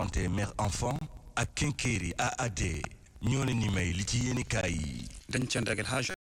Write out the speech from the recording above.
santé mère enfant ak Kinkeri AAD ñoo leen ni may li ci yéenekaay yi dañ ca